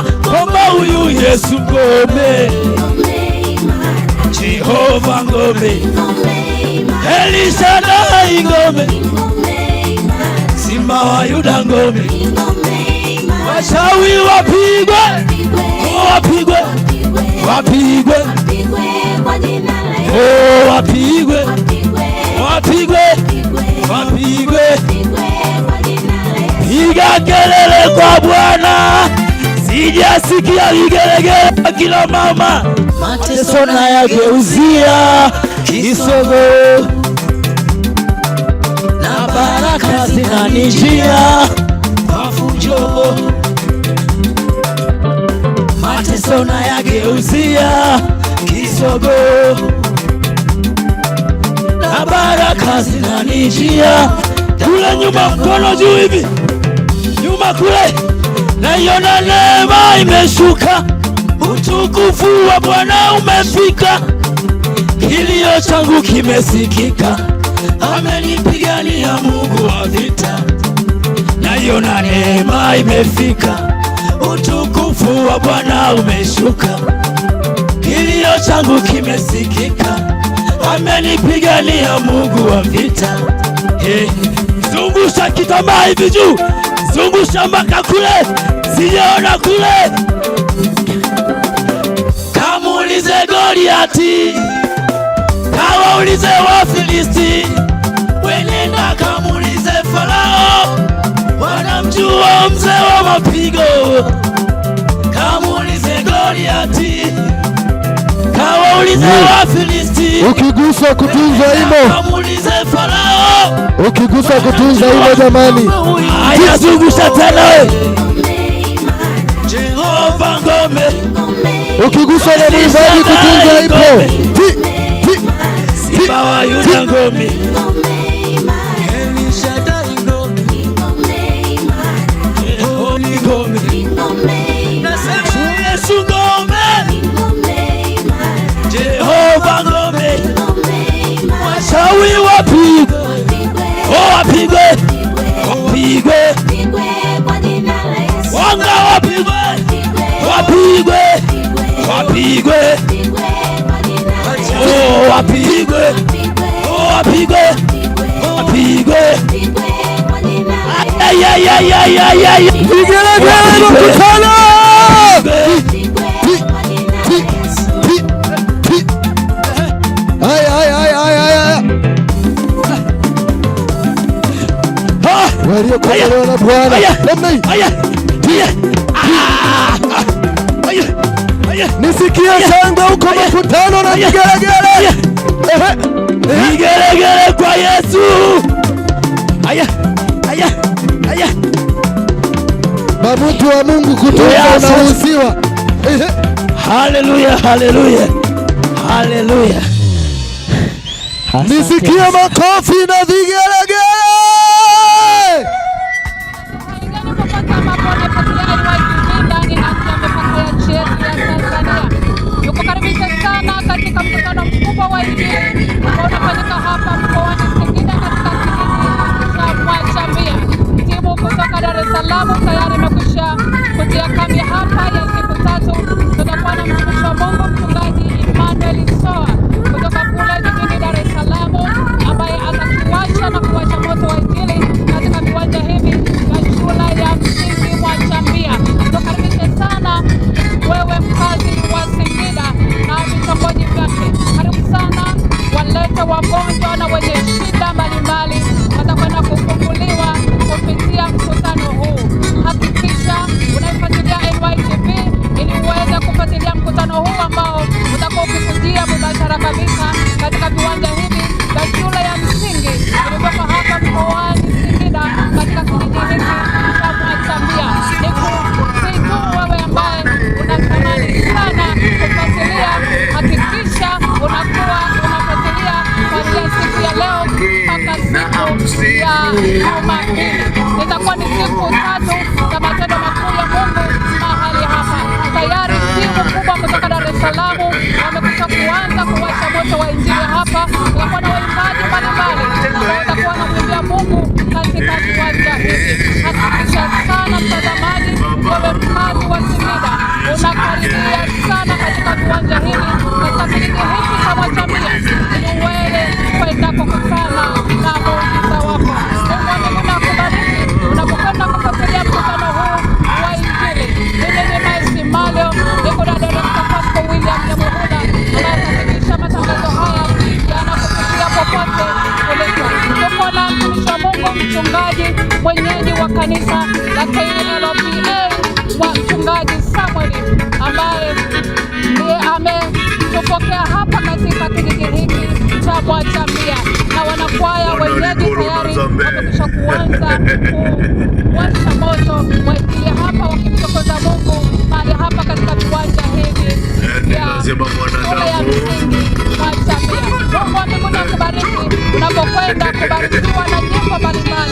Tunajua kwamba huyu Yesu ngome, Jehova ngome, Elishadai ngome, Simba wa Yuda ngome. Washawi wapigwe, wapigwe, wapigwe, oh, wapigwe, wapigwe, wapigwe, piga kelele kwa Bwana sijasikia vigelegele kila mama mateso na yageuzia kisogo na baraka zinanijia mafujo mateso na yageuzia kisogo na baraka zinanijia kule nyuma mkono juu hivi nyuma kule, nyuma kule naiona neema imeshuka, utukufu wa Bwana umefika, kilio changu kimesikika, amenipigania Mungu wa vita. Naiona neema imefika, utukufu wa Bwana umeshuka, kilio changu kimesikika, amenipigania Mungu wa vita. Hey, zungusha kitambaa hivi juu zungusha mpaka kule, sijaona kule. Kamuulize Goliati, kawaulize Wafilisti, wenenda kamuulize Farao, wanamjua mzee wa mapigo. Kamuulize Goliati ukigusa kutunza imo, ukigusa kutunza imo, jamani, ukigusa tena na mwimbaji kutunza ipo wapigwe, oh wapigwe, oh wapigwe, wapigwe waliokolewa na Bwana sikia shangwe huko makutano na vigelegele, vigelegele kwa Yesu. Aya, aya, aya. Mamutu wa Mungu kutoka unauziwa. Haleluya, haleluya, haleluya. Nisikia makofi na vigelegele. sana katika mkutano mkubwa wa Injili ambao unafanyika hapa mkoani Singida katika kijiji cha Mwachambia. Timu kutoka Dar es Salaam tayari imekwisha kutia kambi hapa ya siku tatu. Tutakuwa na mtumishi wa Mungu Mchungaji Emmanuel Soa going only with away. kiwanja hili katika kijiji hiki cha Mwachamia ili uweze kwenda kukutana na muujiza wako. Mungu anakubariki unapokwenda kufuatilia mkutano huu wa Injili. Mimi ni Maisi Malio niko na Dr. Pasco William Nyamuhula anayefanikisha matangazo haya yanakufikia popote ulipo. Tuko na mtumishi wa Mungu, mchungaji mwenyeji wa kanisa la KLPA wa mchungaji wanaotokea hapa katika kijiji hiki cha Bwachamia na wanakwaya wenyeji tayari wamekwisha kuanza kuwasha moto waingie hapa wakimtokoza Mungu mahali hapa katika viwanja hivi yaani vya ya msingi Bwachamia. Mungu amekuja kubariki unapokwenda kubarikiwa na nyimbo mbalimbali.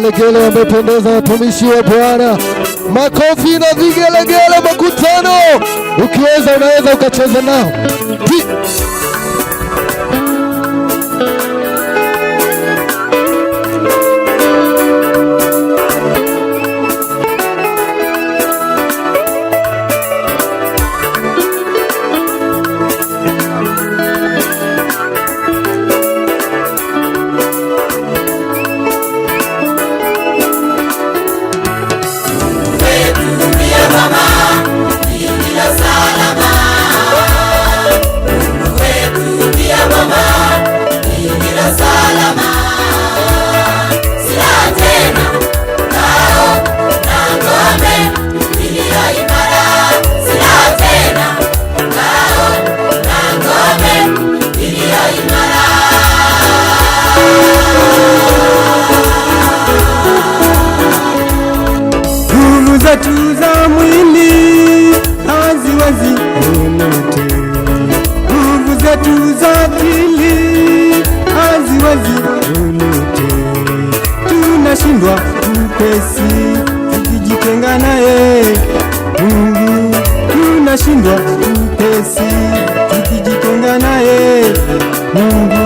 vigelegele wamependeza watumishi wa Bwana, makofi na vigelegele, makutano. Ukiweza unaweza ukacheza nao. akili haziwezi lolote, tunashindwa upesi tukijitenga naye Mungu, tunashindwa upesi tukijitenga naye Mungu.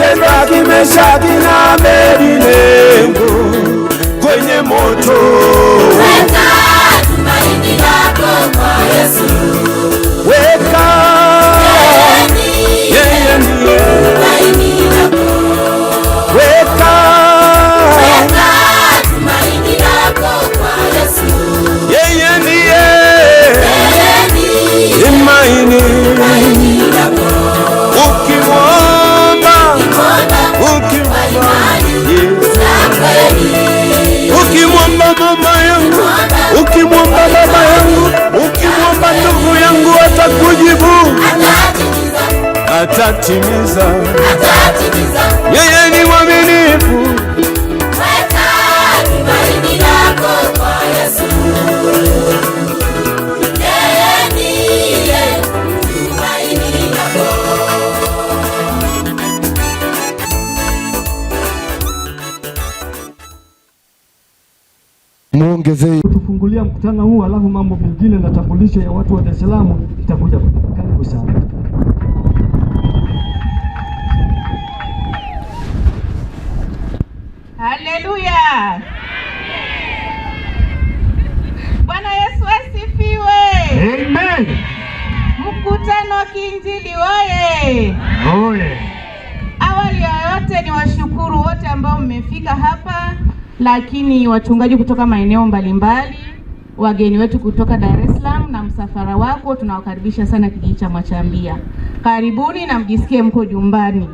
Meshaki, Meshaki na Abednego kwenye moto atatimiza. Yeye ni mwaminifu. kufungulia mkutano huu, alafu mambo mengine na tambulisho ya watu wa Dar es Salaam itakuja. Karibu sana. Haleluya! Bwana Yesu asifiwe. Amen. Mkutano wa Kiinjili oye! Oye! Awali ya yote ni washukuru wote ambao mmefika hapa, lakini wachungaji kutoka maeneo mbalimbali, wageni wetu kutoka Dar es Salaam na msafara wako, tunawakaribisha sana kijiji cha Mwachambia. Karibuni na mjisikie mko jumbani.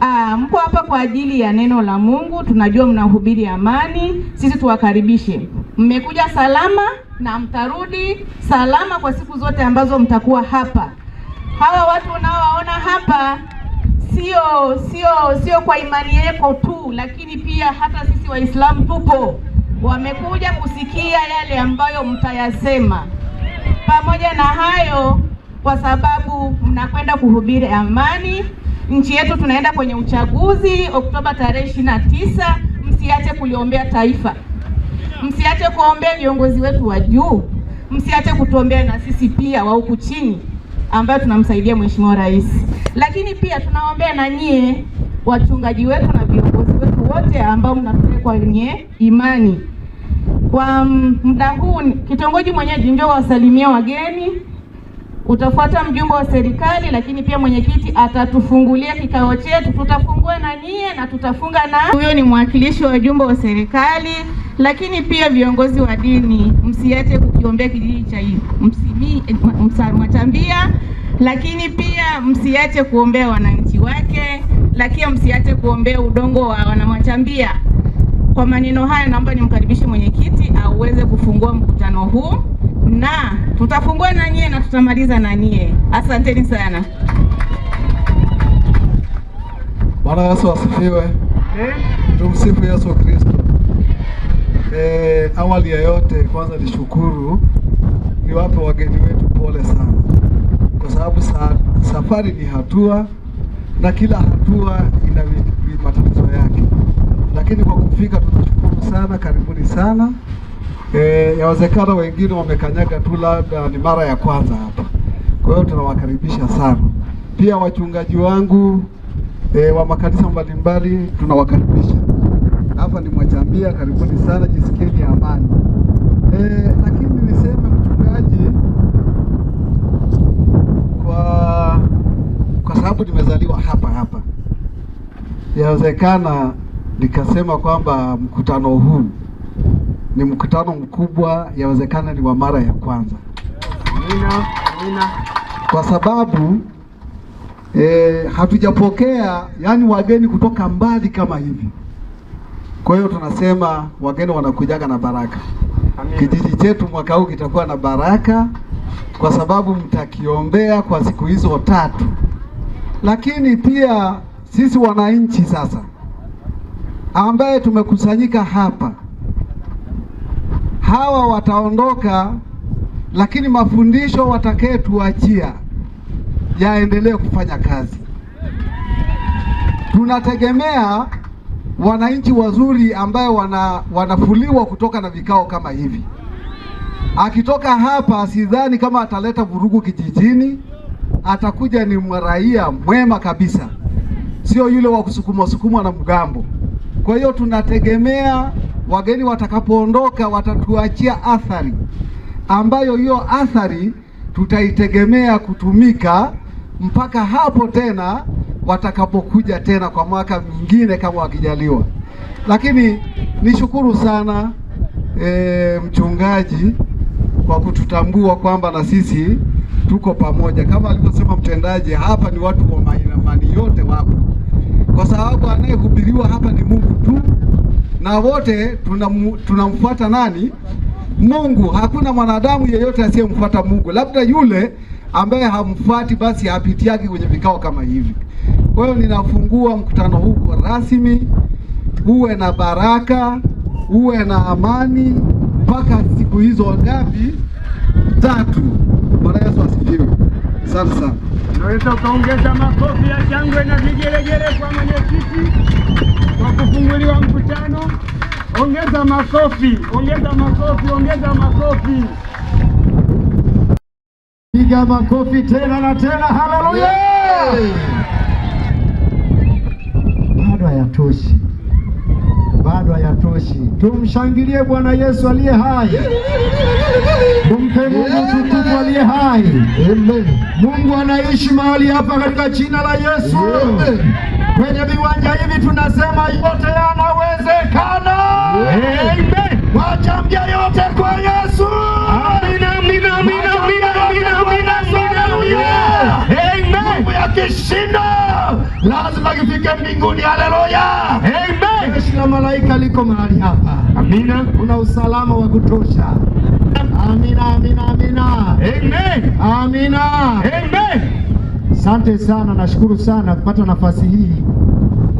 Ah, mko hapa kwa ajili ya neno la Mungu. Tunajua mnahubiri amani, sisi tuwakaribishe. Mmekuja salama na mtarudi salama kwa siku zote ambazo mtakuwa hapa. Hawa watu unaowaona hapa sio sio sio kwa imani yako tu, lakini pia hata sisi Waislamu tupo, wamekuja kusikia yale ambayo mtayasema. Pamoja na hayo, kwa sababu mnakwenda kuhubiri amani Nchi yetu tunaenda kwenye uchaguzi Oktoba tarehe ishirini na tisa. Msiache kuliombea taifa, msiache kuombea viongozi wetu wa juu, msiache kutuombea na sisi pia wa huku chini ambayo tunamsaidia mheshimiwa rais, lakini pia tunaombea na nyie wachungaji wetu na viongozi wetu wote ambao mnatupeleka kwenye imani. Kwa mm, muda huu kitongoji mwenyeji, njoo wasalimia wageni utafuata mjumbe wa serikali, lakini pia mwenyekiti atatufungulia kikao chetu. Tutafungua na nyie na tutafunga na huyo, ni mwakilishi wa wajumbe wa serikali, lakini pia viongozi wa dini, msiache kukiombea kijiji cha msarumatambia, lakini pia msiache kuombea wananchi wake, lakini msiache kuombea udongo wa Wanamwatambia. Kwa maneno haya, naomba nimkaribishe mwenyekiti auweze kufungua mkutano huu na tutafungua na nyie na tutamaliza na nyie. Asanteni sana. Bwana Yesu asifiwe. Eh? Tumsifu Yesu Kristo. Eh, awali ya yote kwanza nishukuru niwape wageni wetu pole sana, kwa sababu sa, safari ni hatua na kila hatua ina matatizo yake, lakini kwa kufika tunashukuru sana. Karibuni sana. E, yawezekana wengine wamekanyaga tu, labda ni mara ya kwanza hapa. Kwa hiyo tunawakaribisha sana. Pia wachungaji wangu e, wa makanisa mbalimbali tunawakaribisha hapa, ni mwachambia, karibuni sana, jisikieni amani. E, lakini niseme mchungaji, kwa kwa sababu nimezaliwa hapa hapa, yawezekana nikasema kwamba mkutano huu ni mkutano mkubwa, yawezekana ni wa mara ya kwanza. Amina, amina. Kwa sababu e, hatujapokea yani wageni kutoka mbali kama hivi. Kwa hiyo tunasema wageni wanakujaga na baraka. Amina. Kijiji chetu mwaka huu kitakuwa na baraka kwa sababu mtakiombea kwa siku hizo tatu, lakini pia sisi wananchi sasa ambaye tumekusanyika hapa hawa wataondoka, lakini mafundisho watakayetuachia yaendelee kufanya kazi. Tunategemea wananchi wazuri ambao wana, wanafuliwa kutoka na vikao kama hivi. Akitoka hapa, sidhani kama ataleta vurugu kijijini. Atakuja ni mraia mwema kabisa, sio yule wa kusukumwa sukumwa na mgambo. Kwa hiyo tunategemea wageni watakapoondoka watatuachia athari ambayo hiyo athari tutaitegemea kutumika mpaka hapo tena watakapokuja tena kwa mwaka mwingine kama wakijaliwa. Lakini nishukuru sana e, mchungaji kwa kututambua kwamba na sisi tuko pamoja. Kama alivyosema mtendaji, hapa ni watu wa imani yote wapo, kwa sababu anayehubiriwa hapa ni Mungu tu na wote tunamfuata tuna nani? Mungu. Hakuna mwanadamu yeyote asiyemfuata Mungu, labda yule ambaye hamfuati basi hapitiaki yake kwenye vikao kama hivi. Kwa hiyo ninafungua mkutano huu kwa rasmi. Uwe na baraka, uwe na amani mpaka siku hizo ngapi? Tatu. Bwana Yesu asifiwe. Asante sana. naweza ukaongeza makofi ya shangwe na vigelegele kwa mwenyekiti wa kufunguliwa mkutano. Ongeza makofi, ongeza makofi, ongeza makofi, piga makofi tena na tena. Haleluya! Bado hayatoshi, bado hayatoshi. Tumshangilie Bwana Yesu aliye hai. Tumpe Mungu tukufu aliye hai. Amen. Mungu anaishi mahali hapa katika jina la Yesu. Amen kwenye viwanja hivi tunasema yote yanawezekana. Wachambia yote kwa Yesu. Mungu yakishinda lazima kifike mbinguni. Haleluya, jeshi la malaika liko mahali hapa. Amina, kuna usalama wa kutosha. Amina, amina, amina, amen, amina, amen. Asante sana, nashukuru sana kupata nafasi hii.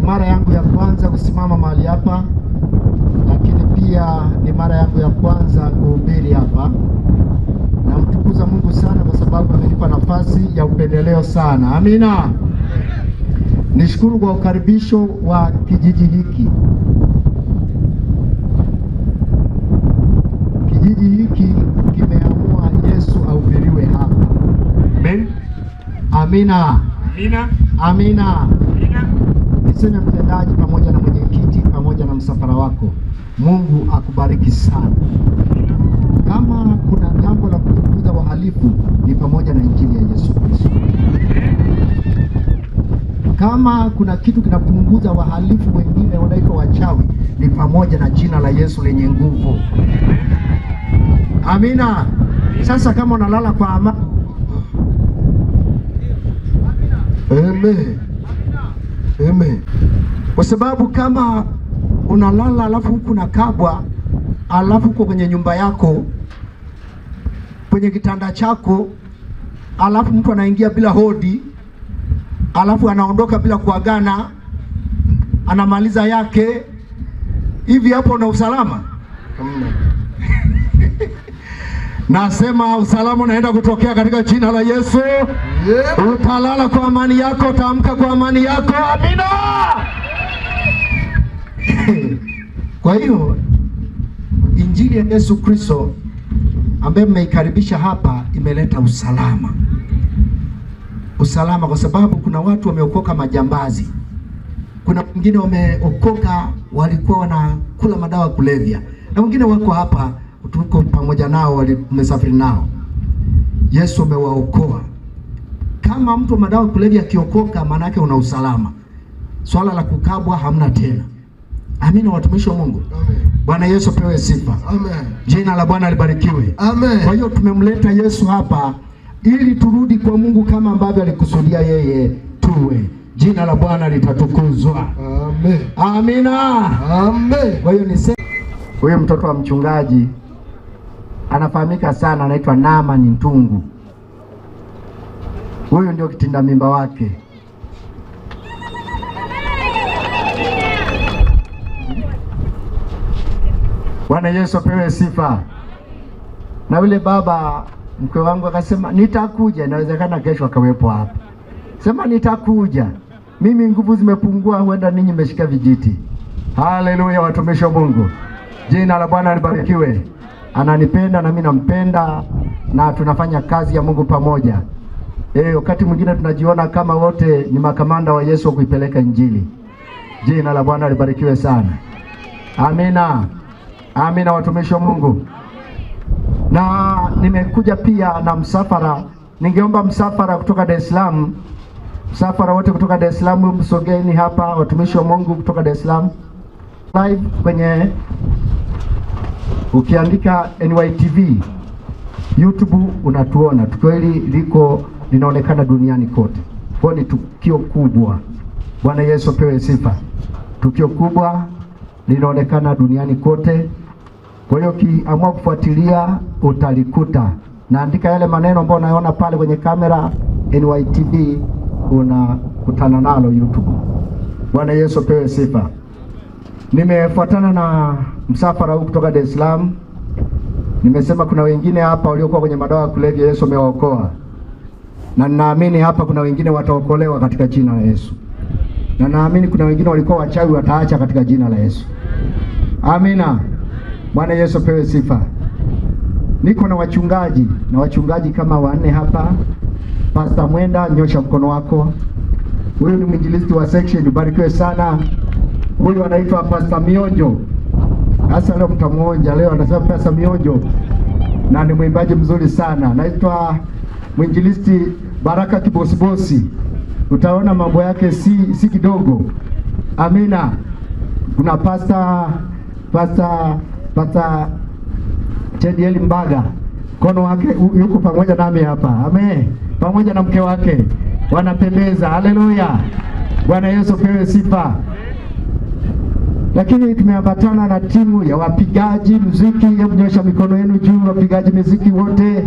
Ni mara yangu ya kwanza kusimama mahali hapa, lakini pia ni mara yangu ya kwanza kuhubiri hapa. Namtukuza Mungu sana kwa sababu amenipa nafasi ya upendeleo sana. Amina. Nishukuru kwa ukaribisho wa kijiji hiki. Amina, amina, amina, amina. Niseme mtendaji, pamoja na mwenyekiti, pamoja na msafara wako, Mungu akubariki sana. Kama kuna jambo la kutukuza wahalifu ni pamoja na injili ya Yesu Kristo. Kama kuna kitu kinapunguza wahalifu wengine wanaitwa wachawi ni pamoja na jina la Yesu lenye nguvu. Amina. Sasa kama unalala kwa amani Amen. Amen. Kwa sababu kama unalala alafu huku na kabwa alafu uko kwenye nyumba yako kwenye kitanda chako alafu mtu anaingia bila hodi alafu anaondoka bila kuagana anamaliza yake hivi, hapo una usalama? Amen. Nasema usalama unaenda kutokea katika jina la Yesu. Yeah. Utalala kwa amani yako, utaamka kwa amani yako. Amina. Kwa hiyo injili ya Yesu Kristo ambaye mmeikaribisha hapa imeleta usalama, usalama kwa sababu kuna watu wameokoka majambazi, kuna wengine wameokoka walikuwa wanakula madawa kulevya, na wengine wako hapa tuko pamoja nao, mmesafiri nao. Yesu amewaokoa. Kama mtu madawa kulevya akiokoka, maana yake una usalama, swala la kukabwa hamna tena. Amina, watumishi wa Mungu. Bwana Yesu pewe sifa. Amen. Jina la Bwana libarikiwe. Amen. Kwa hiyo tumemleta Yesu hapa ili turudi kwa Mungu kama ambavyo alikusudia yeye tuwe. Jina la Bwana litatukuzwa. Amen. Amina. Amen. Kwa hiyo ni huyu mtoto wa mchungaji anafahamika sana, anaitwa ni Ntungu. Huyu ndio kitinda mimba wake. Bwana Yesu apewe sifa. Na yule baba mkwe wangu akasema nitakuja, inawezekana kesho akawepo hapa. Sema nitakuja, mimi nguvu zimepungua, huenda ninyi mmeshika vijiti. Haleluya, watumishi wa Mungu, jina la Bwana libarikiwe ananipenda na mimi nampenda na tunafanya kazi ya Mungu pamoja. E, wakati mwingine tunajiona kama wote ni makamanda wa Yesu kuipeleka Injili. Jina la Bwana libarikiwe sana. Amina, amina, watumishi wa Mungu. Na nimekuja pia na msafara, ningeomba msafara kutoka Dar es Salaam, msafara wote kutoka Dar es Salaam msogeni hapa, watumishi wa Mungu kutoka Dar es Salaam live kwenye Ukiandika NYTV YouTube unatuona. Tukio hili liko linaonekana duniani kote, kwa ni tukio kubwa. Bwana Yesu apewe sifa. Tukio kubwa linaonekana duniani kote, kwa hiyo ukiamua kufuatilia utalikuta. Naandika yale maneno ambayo unaona pale kwenye kamera NYTV, unakutana nalo YouTube. Bwana Yesu apewe sifa. Nimefuatana na msafara huu kutoka Dar es Salaam. Nimesema kuna wengine hapa waliokuwa kwenye madawa ya kulevya, Yesu amewaokoa, na ninaamini hapa kuna wengine wataokolewa katika jina la Yesu, na naamini kuna wengine walikuwa wachawi, wataacha katika jina la Yesu. Amina. Bwana Yesu pewe sifa. Niko na wachungaji na wachungaji kama wanne hapa. Pasta Mwenda, nyosha mkono wako. Huyu ni mwinjilisti wa section, ubarikiwe sana. Huyu anaitwa Pasta Mionjo, Hasa leo mtamuonja leo, anasema pesa mionjo, na ni mwimbaji mzuri sana, naitwa mwinjilisti Baraka Kibosibosi. Utaona mambo yake si, si kidogo. Amina. Kuna pasta pasta pasta Chedieli Mbaga mkono wake yuko pamoja nami hapa ame, pamoja na mke wake wanapendeza. Haleluya, Bwana Yesu pewe sifa lakini tumeambatana na timu ya wapigaji muziki. Hebu nyosha mikono yenu juu, wapigaji muziki wote.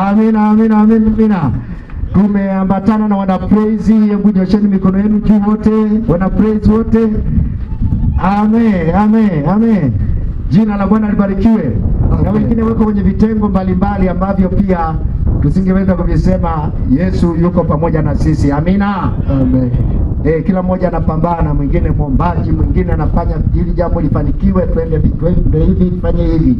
Amina, amina, amina, amina. Tumeambatana na praise, hebu nyosheni mikono yenu juu wote, praise wote. Amen, amen, amen. Jina la Bwana libarikiwe. Na wengine wako kwenye vitengo mbalimbali ambavyo pia tusingeweza kuvisema. Yesu yuko pamoja na sisi, amina, amen. E, kila mmoja anapambana, mwingine mwombaji, mwingine anafanya ili jambo lifanikiwe, twende hivi, fanye hivi.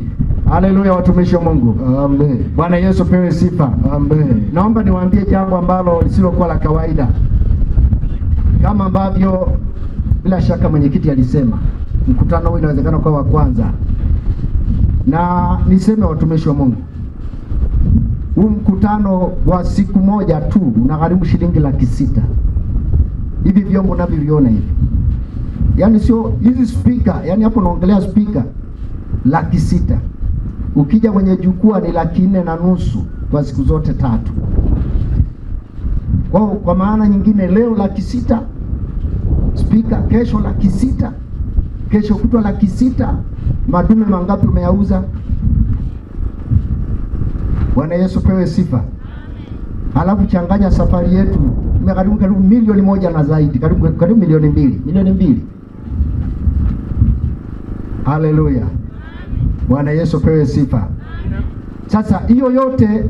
Haleluya, watumishi wa Mungu, amen. Bwana Yesu pewe sifa, amen. Naomba niwaambie jambo ambalo lisilokuwa la kawaida, kama ambavyo bila shaka mwenyekiti alisema mkutano huu inawezekana kwa wa kwanza, na niseme watumishi wa Mungu huu mkutano wa siku moja tu unagharimu shilingi laki sita. Hivi vyombo navyoviona hivi, yaani sio hizi spika, yaani hapo naongelea spika laki sita, ukija kwenye jukwaa ni laki nne na nusu kwa siku zote tatu. Kwa, kwa maana nyingine leo laki sita spika, kesho laki sita, kesho kutwa laki sita. Madume mangapi umeyauza? Bwana Yesu pewe sifa. Amen. Halafu changanya safari yetu imekaribu karibu milioni moja na zaidi, karibu karibu milioni mbili, milioni mbili. Haleluya, Bwana Yesu pewe sifa. Amen. Sasa hiyo yote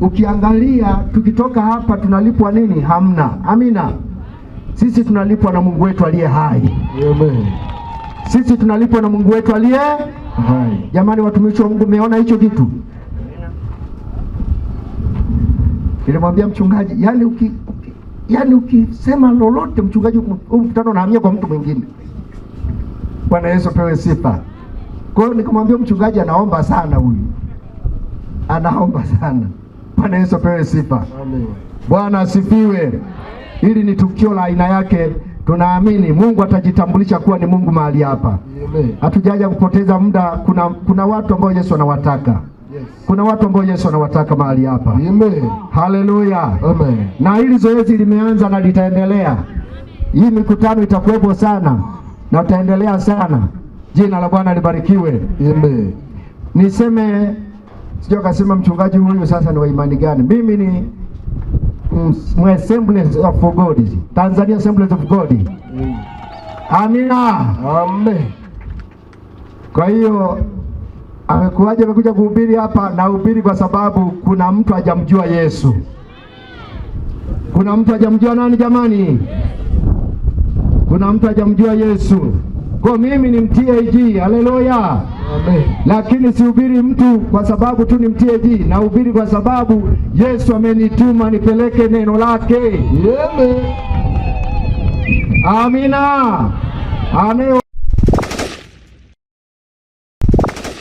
ukiangalia, tukitoka hapa tunalipwa nini? Hamna. Amina. Sisi tunalipwa na Mungu wetu aliye hai. Amen. Sisi tunalipwa na Mungu wetu aliye hai. Jamani, watumishi wa Mungu, umeona hicho kitu? Nilimwambia mchungaji, yani uki, yani ukisema lolote mchungaji, huu mkutano unahamia kwa mtu mwingine. Bwana Yesu apewe sifa. Kwa hiyo nikamwambia mchungaji, anaomba sana huyu, anaomba sana. Bwana Yesu apewe sifa. Amen. Bwana asifiwe. Hili ni tukio la aina yake. Tunaamini Mungu atajitambulisha kuwa ni Mungu mahali hapa. Hatujaja kupoteza muda. Kuna, kuna watu ambao Yesu anawataka kuna watu ambao Yesu anawataka mahali hapa. Amen. Haleluya. Amen. Na hili zoezi limeanza na litaendelea. Hii mikutano itakuwepo sana na itaendelea sana. Jina la Bwana libarikiwe. Amen. Niseme sijua kasema mchungaji huyu sasa ni wa imani gani? Mimi ni Assemblies of God. Tanzania Assemblies of God. Amina. Amen. Kwa hiyo Amekuwaje? Amekuja kuhubiri hapa. Nahubiri kwa sababu kuna mtu hajamjua Yesu. Kuna mtu hajamjua nani jamani? Kuna mtu hajamjua Yesu. Kwa mimi ni mtag, haleluya. Lakini sihubiri mtu kwa sababu tu ni mtag, nahubiri kwa sababu Yesu amenituma nipeleke neno lake. Amen. Amina. Amen.